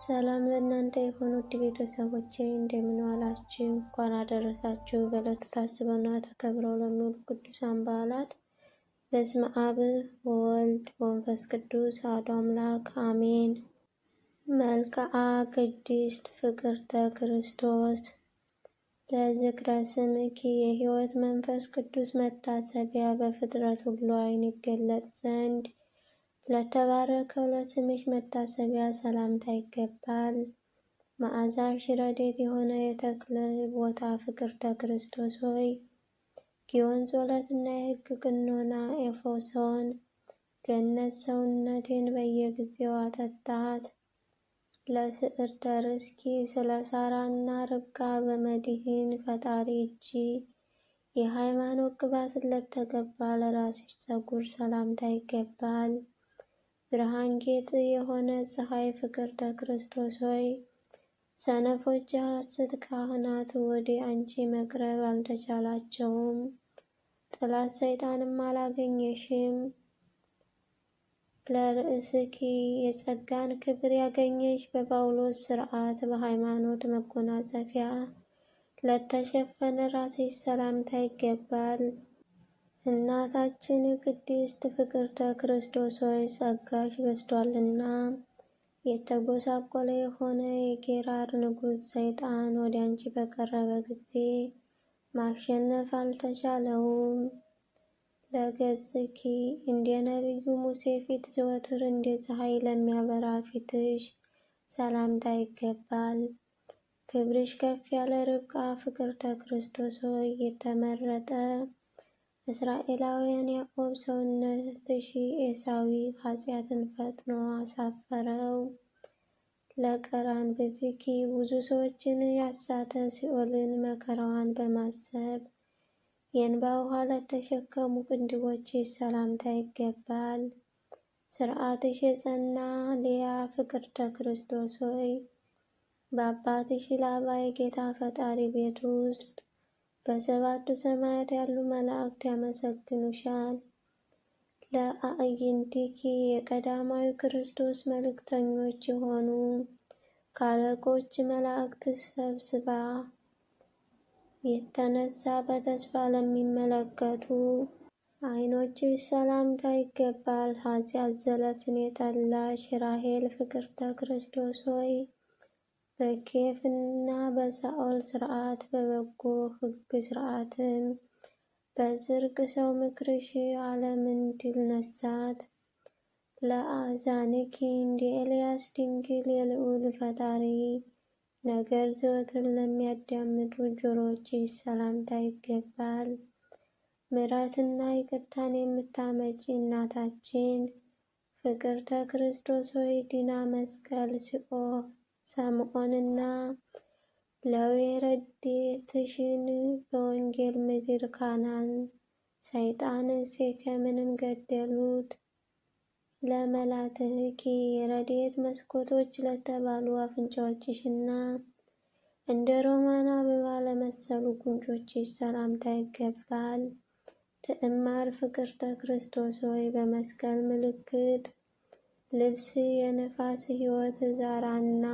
ሰላም ለእናንተ የሆኑ ውድ ቤተሰቦቼ እንደምን ዋላችሁ? እንኳን አደረሳችሁ። በዕለቱ ታስበውና ተከብረው ለሚውሉ ቅዱሳን በዓላት በስመ አብ ወወልድ ወመንፈስ ቅዱስ አሐዱ አምላክ አሜን። መልክዓ ቅድስት ፍቅርተ ክርስቶስ ለዝክረ ስምኪ የሕይወት መንፈስ ቅዱስ መታሰቢያ በፍጥረት ሁሉ ዓይን ይገለጥ ዘንድ ለተባረከው ለስምሽ መታሰቢያ ሰላምታ ይገባል። መዓዛሽ ረዴት የሆነ የተክለ ቦታ ፍቅርተ ክርስቶስ ሆይ ጊዮን እና የሕግ ቅኖና ኤፌሶን ገነት ሰውነቴን በየጊዜው አጠጣት። ለስዕር ደርስኪ ስለ እና ርብቃ በመድህን ፈጣሪ እጅ የሃይማኖት ቅባትለት ተገባ ለራስሽ ፀጉር ሰላምታ ይገባል። ብርሃን ጌጥ የሆነ ፀሐይ ፍቅርተ ክርስቶስ ሆይ ሰነፎች የሐሰት ካህናት ወደ አንቺ መቅረብ አልተቻላቸውም፣ ጠላት ሰይጣንም አላገኘሽም። ለርእስኪ የጸጋን ክብር ያገኘሽ በጳውሎስ ሥርዓት በሃይማኖት መጎናጸፊያ ለተሸፈነ ራስሽ ሰላምታ ይገባል። እናታችን ቅድስት ፍቅርተ ክርስቶስ ሆይ ጸጋሽ በዝቷልና የተጎሳቆለ የሆነ የጌራር ንጉሥ ሰይጣን ወደ አንቺ በቀረበ ጊዜ ማሸነፍ አልተቻለውም። ለገጽኪ እንደ ነቢዩ ሙሴ ፊት ዘወትር እንደ ፀሐይ ለሚያበራ ፊትሽ ሰላምታ ይገባል። ክብርሽ ከፍ ያለ ርብቃ ፍቅርተ ክርስቶስ ሆይ የተመረጠ እስራኤላውያን ያዕቆብ ሰውነትሽ ኤሳዊ ኃጢአትን ፈጥኖ አሳፈረው። ለቀራን ብትኪ ብዙ ሰዎችን ያሳተ ሲኦልን መከራዋን በማሰብ የእንባ ውሃ ለተሸከሙ ቅንድቦች ሰላምታ ይገባል። ስርዓትሽ የጸና ሊያ ፍቅርተ ክርስቶስ ሆይ በአባትሽ ላባ የጌታ ፈጣሪ ቤት ውስጥ በሰባቱ ሰማያት ያሉ መላእክት ያመሰግኑሻል። ለአዕይንቲኪ የቀዳማዊ ክርስቶስ መልእክተኞች የሆኑ ካለቆች መላእክት ሰብስባ የተነሳ በተስፋ ለሚመለከቱ አይኖችሽ ሰላምታ ይገባል። ኃጢአት ዘለፍን የጠላሽ ራሄል ፍቅርተ ክርስቶስ ሆይ በኬፍና በሳኦል ስርዓት በበጎ ህግ ሥርዓትም በዝርቅ ሰው ምክርሽ ዓለምን ድል ነሳት። ለአዛንኪ እንደ ኤልያስ ድንግል የልዑል ፈጣሪ ነገር ዘወትር ለሚያዳምጡ ጆሮች ሰላምታ ይገባል። ምሕረትና ይቅርታን የምታመጪ እናታችን ፍቅርተ ክርስቶስ ሆይ ዲና መስቀል ስቆ ሳምዖንና ለዊ ረድኤትሽን በወንጌል ምድር ካናን ሰይጣን ሴኬምንም ገደሉት። ለመላትኪ የረድኤት መስኮቶች ለተባሉ አፍንጫዎችሽና እንደ ሮማን አበባ ለመሰሉ ጉንጮችሽ ሰላምታ ይገባል። ትዕማር ፍቅርተ ክርስቶስ ሆይ በመስቀል ምልክት ልብስ የነፋስ ሕይወት ዛራና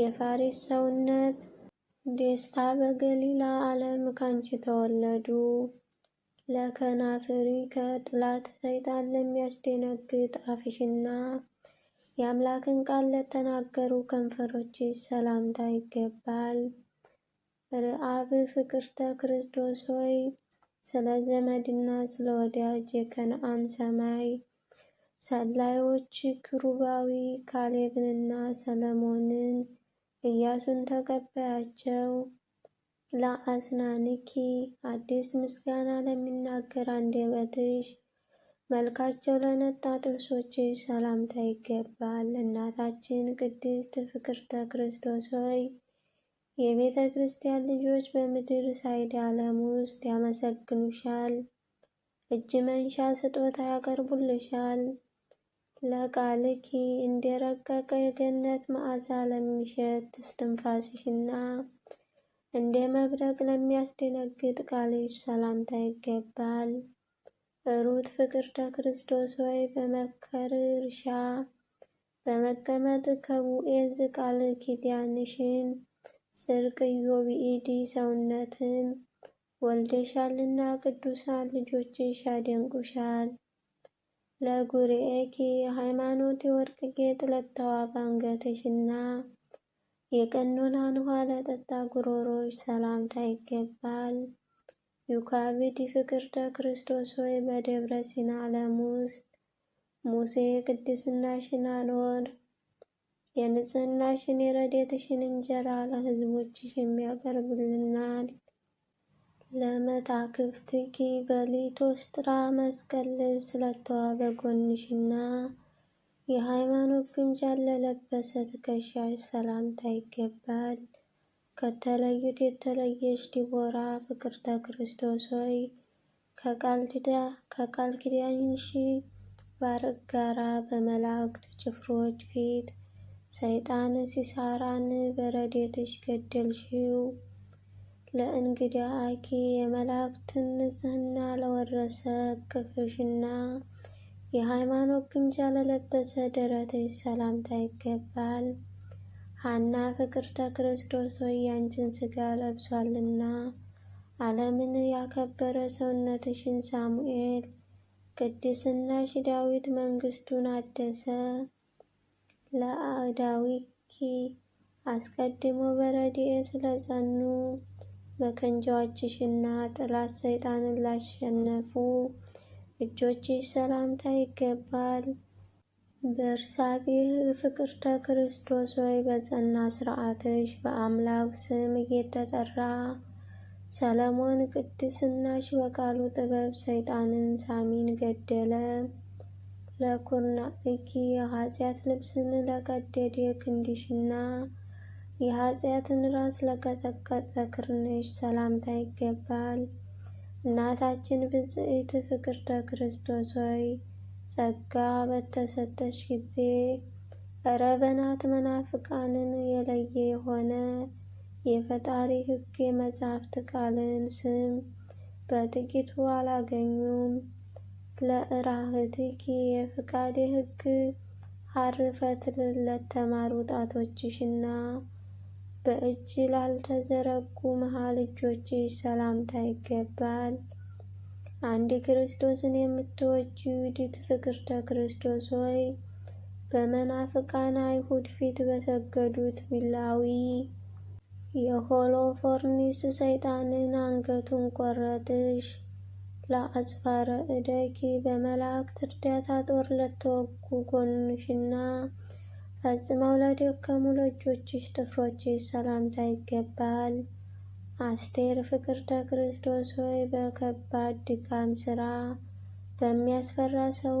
የፋሪስ ሰውነት ደስታ በገሊላ ዓለም ካንቺ ተወለዱ። ለከናፍሪ ከጥላት ሰይጣን ለሚያስደነግጥ አፍሽና የአምላክን ቃል ለተናገሩ ከንፈሮች ሰላምታ ይገባል። ርአብ ፍቅርተ ክርስቶስ ሆይ ስለ ዘመድና ስለ ወዳጅ የከነአን ሰማይ ሰላዮች ክሩባዊ ካሌብንና ሰለሞንን ኢያሱን ተቀበያቸው። ለአስናንኪ አዲስ ምስጋና ለሚናገር አንደበትሽ መልካቸው ለነጣ ጥርሶችሽ ሰላምታ ይገባል። እናታችን ቅድስት ፍቅርተ ክርስቶስ ሆይ የቤተ ክርስቲያን ልጆች በምድር ሳይድ ዓለም ውስጥ ያመሰግኑሻል፣ እጅ መንሻ ስጦታ ያቀርቡልሻል። ለቃልኪ እንደ ረቀቀ የገነት መዓዛ ለሚሸት እስትንፋስሽና እንደ መብረቅ ለሚያስደነግጥ ቃልሽ ሰላምታ ይገባል። ሩት ፍቅርተ ክርስቶስ ሆይ በመከር እርሻ በመቀመጥ ከቡኤዝ ቃል ኪዳንሽን ስርቅዮ ብኢዲ ሰውነትን ወልደሻልና ቅዱሳን ልጆችሽ ያደንቁሻል። ለጉርኤኪ ሃይማኖት የወርቅ ጌጥ ለተዋባ አንገትሽና የቀኖናን ውሃ ለጠጣ ጉሮሮች ሰላምታ ይገባል። ዩካቢድ ፍቅርተ ክርስቶስ ሆይ በደብረ ሲና ለሙስ ሙሴ ቅድስናሽን አኖር የንጽህናሽን የረዴትሽን እንጀራ ለሕዝቦችሽ የሚያቀርብልናል። ለመታክፍትኪ በሊቶስጥራ መስቀል ልብስ ለተዋበ ጎንሽና የሃይማኖት ግምጃን ለለበሰ ትከሻሽ ሰላምታ ይገባል። ከተለዩት የተለየሽ ዲቦራ ፍቅርተ ክርስቶስ ሆይ ከቃል ኪዳንሽ ባርቅ ጋራ በመላእክት ጭፍሮች ፊት ሰይጣን ሲሳራን በረዴትሽ ገደልሽው። ለእንግዳ አኪ የመላእክትን ንጽህና ለወረሰ ቅፍሽና የሃይማኖት ግምጃ ለለበሰ ደረትሽ ሰላምታ ይገባል። ሐና ፍቅርተ ክርስቶስ ሆይ ያንቺን ሥጋ ለብሷልና ዓለምን ያከበረ ሰውነትሽን ሳሙኤል ቅድስናሽ ዳዊት መንግስቱን አደሰ። ለአዳዊኪ አስቀድሞ በረድኤት ለጸኑ በክንጃዎችሽና ጥላት ሰይጣንን ላሸነፉ እጆችሽ ሰላምታ ይገባል። በርሳቤህ ፍቅርተ ክርስቶስ ሆይ በጸና ስርዓትሽ በአምላክ ስም እየተጠራ ሰለሞን ቅድስናሽ በቃሉ ጥበብ ሰይጣንን ሳሚን ገደለ። እኪ የኃጢአት ልብስን ለቀደደ ክንድሽና የኃጢአትን ራስ ለቀጠቀጠ ክርንሽ ሰላምታ ይገባል። እናታችን ብጽዕት ፍቅርተ ክርስቶስ ሆይ ጸጋ በተሰጠሽ ጊዜ ረበናት መናፍቃንን የለየ የሆነ የፈጣሪ ሕግ የመጻሕፍት ቃልን ስም በጥቂቱ አላገኙም። ለእራህትኪ የፍቃድ ሕግ ሀርፈትልለት ለተማሩ ጣቶችሽና በእጅ ላልተዘረጉ መሃል እጆችሽ ሰላምታ ይገባል። አንድ ክርስቶስን የምትወጂ ዩዲት ፍቅርተ ክርስቶስ ሆይ በመናፍቃን አይሁድ ፊት በሰገዱት ቢላዊ የሆሎፎርኒስ ሰይጣንን አንገቱን ቆረጥሽ። ለአጽፋረ እደኪ በመላእክት እርዳታ ጦር ለተወጉ ጎንሽና ፈጽመው ለደከሙ ለእጆችሽ ጥፍሮችሽ ሰላምታ ይገባል። አስቴር ፍቅርተ ክርስቶስ ሆይ በከባድ ድካም ስራ በሚያስፈራ ሰው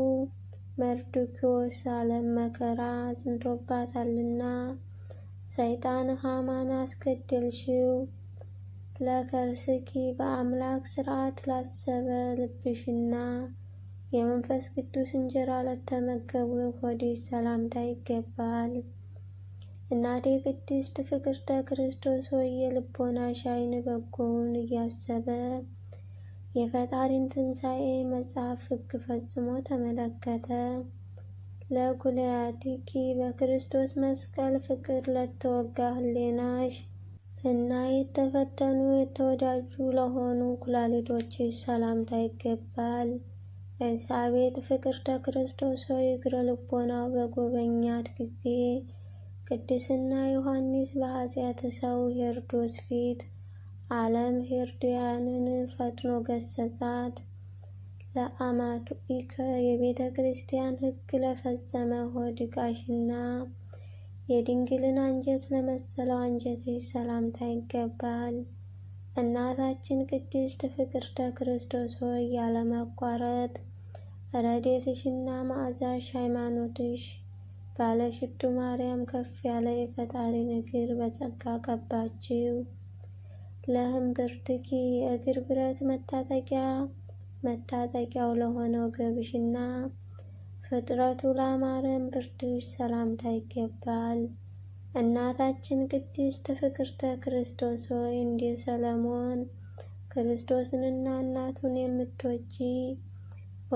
መርዶክዮስ ዓለም መከራ ጽንቶባታልና ሰይጣን ሃማን አስገደልሽው። ለከርስኪ በአምላክ ስርዓት ላሰበ ልብሽና የመንፈስ ቅዱስ እንጀራ ለተመገቡ ሆድህ ሰላምታ ይገባል። እናቴ ቅድስት ፍቅርተ ክርስቶስ ሆይ የልቦናሽ ዓይን በጎውን እያሰበ የፈጣሪን ትንሣኤ መጽሐፍ ሕግ ፈጽሞ ተመለከተ። ለኩለያቲኪ በክርስቶስ መስቀል ፍቅር ለተወጋ ህሌናሽ እና የተፈተኑ የተወዳጁ ለሆኑ ኩላሊቶችሽ ሰላምታ ይገባል። ኤልሳቤጥ ፍቅርተ ክርስቶስ ሆይ እግረ ልቦናው በጎበኛት ጊዜ ቅድስና ዮሐንስ በኃጢአተ ሰው ሄሮድስ ፊት ዓለም ሄሮድያንን ፈጥኖ ገሰጻት። ለአማቱ ኢከ የቤተ ክርስቲያን ሕግ ለፈጸመ ሆድቃሽና የድንግልን አንጀት ለመሰለው አንጀትሽ ሰላምታ ይገባል። እናታችን ቅድስት ፍቅርተ ክርስቶስ ሆይ ያለመቋረጥ ረዴትሽና ማዕዛሽ ሃይማኖትሽ ሽቱ ማርያም ከፍ ያለ የፈጣሪን እግር በጸጋ ቀባችው። ለእምብርትኪ የእግር ብረት መታጠቂያ መታጠቂያው ለሆነው ገብሽና ፍጥረቱ ለአማረም ብርድሽ ሰላምታ ይገባል። እናታችን ቅድስት ፍቅርተ ክርስቶስ ሆይ እንዲህ ሰለሞን ክርስቶስንና እናቱን የምትወጂ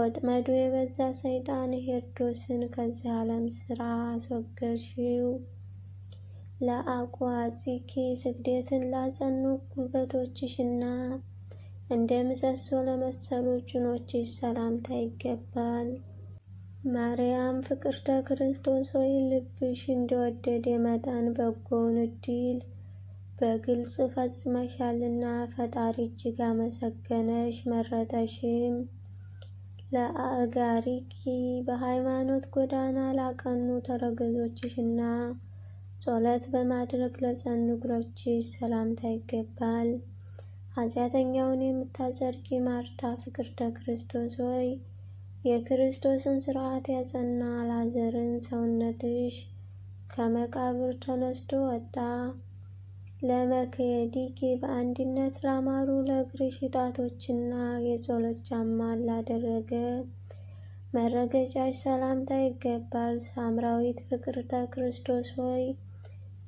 ወጥመዱ የበዛ ሰይጣን ሄሮድስን ከዚህ ዓለም ስራ አስወገድሽው። ለአቋጽኪ ስግደትን ላጸኑ ጉልበቶችሽና እንደ ምሰሶ ለመሰሉ ጭኖችሽ ሰላምታ ይገባል። ማርያም ፍቅርተ ክርስቶስ ሆይ ልብሽ እንደወደድ መጠን በጎውን እድል በግልጽ ፈጽመሻልና ፈጣሪ እጅግ አመሰገነሽ፣ መረጠሽም። ለአጋሪኪ በሃይማኖት ጎዳና ላቀኑ እና ጸሎት በማድረግ ለጸኑ እግሮችሽ ሰላምታ ይገባል። ኃጢአተኛውን የምታጸድቂ ማርታ ፍቅርተ ክርስቶስ ሆይ የክርስቶስን ስርዓት ያጸና አላዘርን ሰውነትሽ ከመቃብር ተነስቶ ወጣ። ለመክየዲኪ በአንድነት ላማሩ ለእግርሽ ጣቶችና የጸሎት ጫማ ላደረገ መረገጫች ሰላምታ ይገባል። ሳምራዊት ፍቅርተ ክርስቶስ ሆይ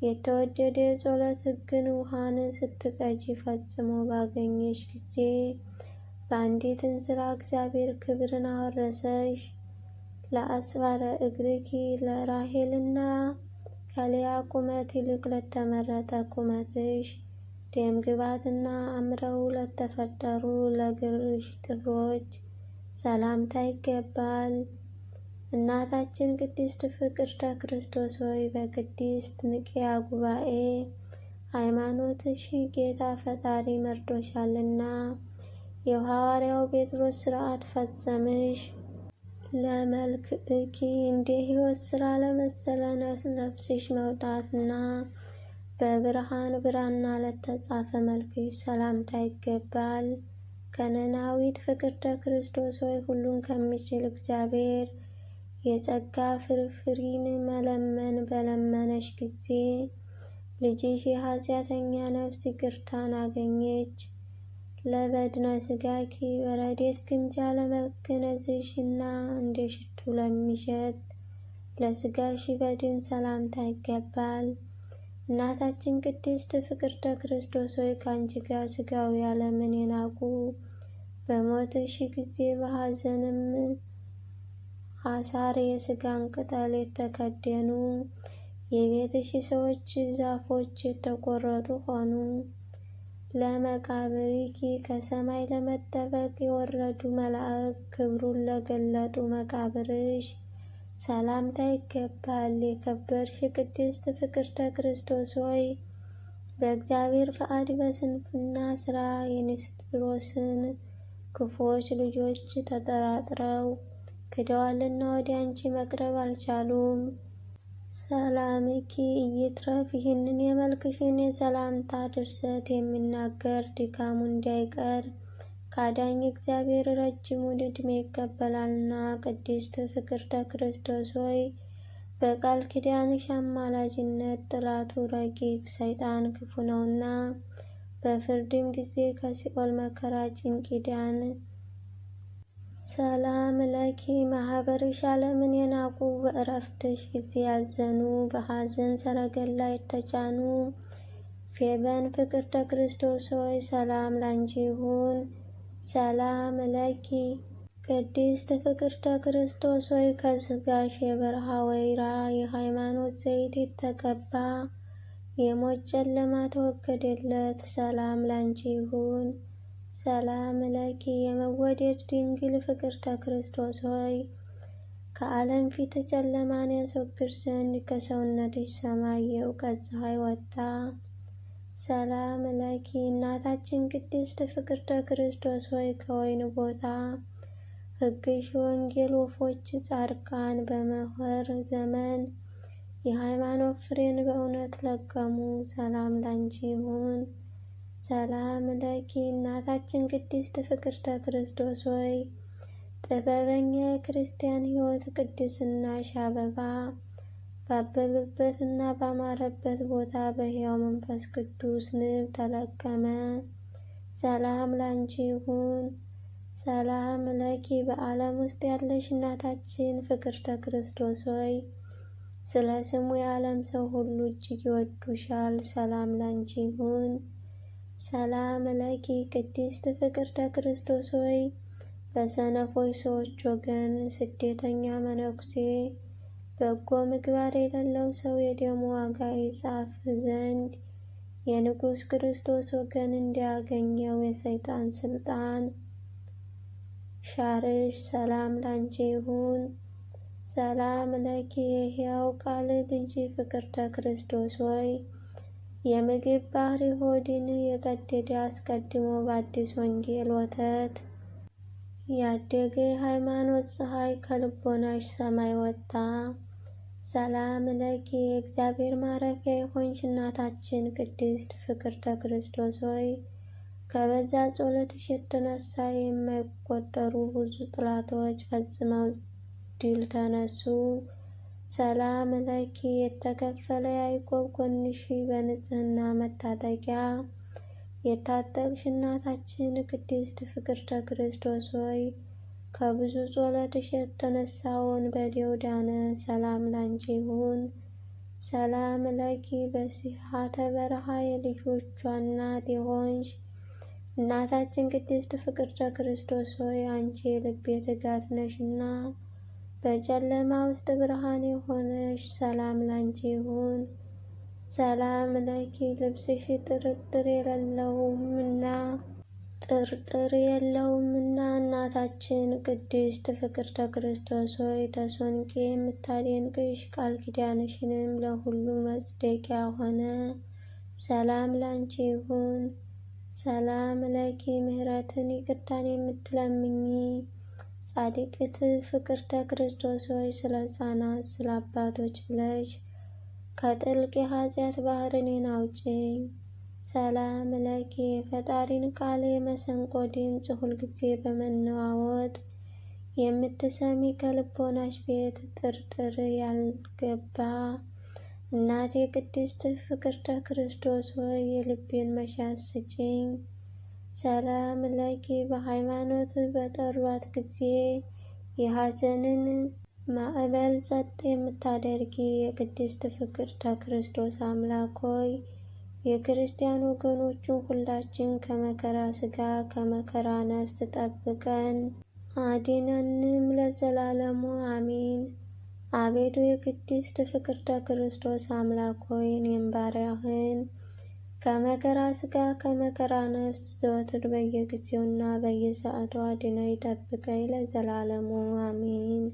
የተወደደ የጸሎት ሕግን ውሃን ስትቀጂ ፈጽሞ ባገኘሽ ጊዜ በአንዲት እንስራ እግዚአብሔር ክብርን አወረሰሽ። ለአጽባረ እግርኪ ለራሄልና ከሌላ ቁመት ይልቅ ለተመረጠ ቁመትሽ ደም ግባትና አምረው ለተፈጠሩ ለግርሽ ጥፍሮች ሰላምታ ይገባል። እናታችን ቅድስት ፍቅርተ ክርስቶስ ሆይ በቅድስት ንቅያ ጉባኤ ሃይማኖትሽ ጌታ ፈጣሪ መርዶሻልና የሐዋርያው ጴጥሮስ ሥርዓት ፈጸምሽ። ለመልክ እኪ እንደ ህይወት ስራ ለመሰለ ነፍስሽ መውጣትና በብርሃን ብራና ለተጻፈ መልክሽ ሰላምታ ይገባል። ከነናዊት ፍቅርተ ክርስቶስ ሆይ ሁሉን ከሚችል እግዚአብሔር የጸጋ ፍርፍሪን መለመን በለመነሽ ጊዜ ልጅሽ የኃጢአተኛ ነፍስ ይቅርታን አገኘች። ለበድነ ስጋኪ በረዴት ግምጃ ለመገነዝሽና እንደ ሽቱ ለሚሸት ለስጋሽ በድን ሰላምታ ይገባል። እናታችን ቅድስት ፍቅርተ ክርስቶስ ሆይ ከአንቺ ጋር ስጋዊ ዓለምን የናቁ በሞትሽ ጊዜ በሐዘንም አሳር የስጋን ቅጠል የተከደኑ የቤትሽ ሰዎች ዛፎች የተቆረጡ ሆኑ። ለመቃብሪኪ ከሰማይ ለመጠበቅ የወረዱ መላእክ ክብሩን ለገለጡ መቃብርሽ ሰላምታ ይገባል። የከበርሽ ቅድስት ፍቅርተ ክርስቶስ ሆይ በእግዚአብሔር ፈቃድ በስንፍና ስራ የንስጥሮስን ክፎች ልጆች ተጠራጥረው ክደዋልና ወደ አንቺ መቅረብ አልቻሉም። ሰላምኪ እይትረፍ ይህንን የመልክሽን የሰላምታ ድርሰት የሚናገር ድካሙ እንዳይቀር ካዳኝ እግዚአብሔር ረጅሙን ዕድሜ ይቀበላልና። ቅድስት ፍቅርተ ክርስቶስ ሆይ በቃል ኪዳንሽ አማላጅነት ጥላቱ ረቂቅ ሰይጣን ክፉ ነውና በፍርድም ጊዜ ከሲኦል መከራ ጭንቅ ኪዳን ሰላም ለኪ ማህበርሽ ዓለምን የናቁ በእረፍትሽ ጊዜ ያዘኑ በሐዘን ሰረገላ የተጫኑ ፌበን ፍቅርተ ክርስቶስ ሆይ ሰላም ላንቺ ይሁን። ሰላም ለኪ ቅድስት ፍቅርተ ክርስቶስ ሆይ ከስጋሽ የበረሃ ወይራ የሃይማኖት ዘይት የተቀባ የሞት ጨለማ ተወገደለት። ሰላም ላንቺ ይሁን። ሰላም ለኪ የመወደድ ድንግል ፍቅርተ ክርስቶስ ሆይ ከዓለም ፊት ጨለማን ያስወግድ ዘንድ ከሰውነትሽ ሰማይ የእውቀት ፀሐይ ወጣ። ሰላም ለኪ እናታችን ቅድስት ፍቅርተ ክርስቶስ ሆይ ከወይን ቦታ ሕግሽ ወንጌል ወፎች ጻድቃን በመኸር ዘመን የሃይማኖት ፍሬን በእውነት ለቀሙ። ሰላም ላንቺ ይሁን። ሰላም ለኪ እናታችን ቅድስት ፍቅርተ ክርስቶስ ሆይ ጥበበኛ የክርስቲያን ሕይወት ቅድስናሽ አበባ እና ባማረበት ቦታ በሕያው መንፈስ ቅዱስ ንብ ተለቀመ። ሰላም ላንቺ ይሁን። ሰላም ለኪ በዓለም ውስጥ ያለሽ እናታችን ፍቅርተ ክርስቶስ ሆይ ስለ ስሙ የዓለም ሰው ሁሉ እጅግ ይወዱሻል። ሰላም ላንቺ ይሁን። ሰላም ለኪ ቅድስት ፍቅርተ ክርስቶስ ሆይ በሰነፎች ሰዎች ወገን ስደተኛ መነኩሴ በጎ ምግባር የሌለው ሰው የደሙ ዋጋ ይጻፍ ዘንድ የንጉሥ ክርስቶስ ወገን እንዲያገኘው የሰይጣን ስልጣን ሻርሽ ሰላም ላንቺ ይሁን። ሰላም ለኪ የሕያው ቃል ልጅ ፍቅርተ ክርስቶስ ሆይ የምግብ ባህሪ ሆድን የቀደደ አስቀድሞ በአዲስ ወንጌል ወተት ያደገ ሃይማኖት ፀሐይ ከልቦናሽ ሰማይ ወጣ። ሰላም ለኪ የእግዚአብሔር ማረፊያ የሆንሽ እናታችን ቅድስት ፍቅርተ ክርስቶስ ሆይ ከበዛ ጸሎትሽ የተነሳ የማይቆጠሩ ብዙ ጥላቶች ፈጽመው ድል ተነሱ። ሰላም ለኪ የተከፈለ ያዕቆብ ኮንሺ በንጽህና መታጠቂያ የታጠቅሽ እናታችን ቅድስት ፍቅርተ ክርስቶስ ሆይ ከብዙ ጸሎትሽ የተነሳውን ወንበዴው ዳነ። ሰላም ላንቺ ይሁን። ሰላም ለኪ በሲሐተ በረሃ የልጆቿ እናት የሆንሽ እናታችን ቅድስት ፍቅርተ ክርስቶስ ሆይ አንቺ የልቤ ትጋት ነሽና በጨለማ ውስጥ ብርሃን የሆነሽ ሰላም ላንቺ ይሁን። ሰላም ለኪ ልብስሽ ጥርጥር የለውምና ጥርጥር የለውምና እናታችን ቅድስት ፍቅርተ ክርስቶስ ሆይ ተሶንቄ የምታደንቅሽ ቃል ኪዳንሽንም ለሁሉ መጽደቂያ ሆነ። ሰላም ላንቺ ይሁን። ሰላም ለኪ ምሕረትን ይቅርታን የምትለምኚ ጻድቅት ፍቅርተ ክርስቶስ ሆይ ስለ ሕፃናት ስለ አባቶች ብለሽ ከጥልቅ የኃጢአት ባህር እኔን አውጪኝ። ሰላም ለኪ የፈጣሪን ቃል የመሰንቆ ድምፅ ሁልጊዜ በመነዋወጥ የምትሰሚ ከልቦናሽ ቤት ጥርጥር ያልገባ እናቴ ቅድስት ፍቅርተ ክርስቶስ ሆይ የልቤን መሻት ስጪኝ። ሰላም ለኪ በሃይማኖት በጠሯት ጊዜ የሐዘንን ማዕበል ጸጥ የምታደርጊ የቅድስት ፍቅርተ ክርስቶስ አምላክ ሆይ የክርስቲያን ወገኖቹን ሁላችን ከመከራ ሥጋ ከመከራ ነፍስ ጠብቀን አዲነንም ለዘላለሙ አሚን። አቤቱ የቅድስት ፍቅርተ ክርስቶስ አምላክ ሆይ እኔም ባሪያህን ከመከራ ስጋ ከመከራ ነፍስ ዘወትር በየጊዜውና በየሰዓቱ አድነው ይጠብቀኝ ለዘላለሙ አሜን።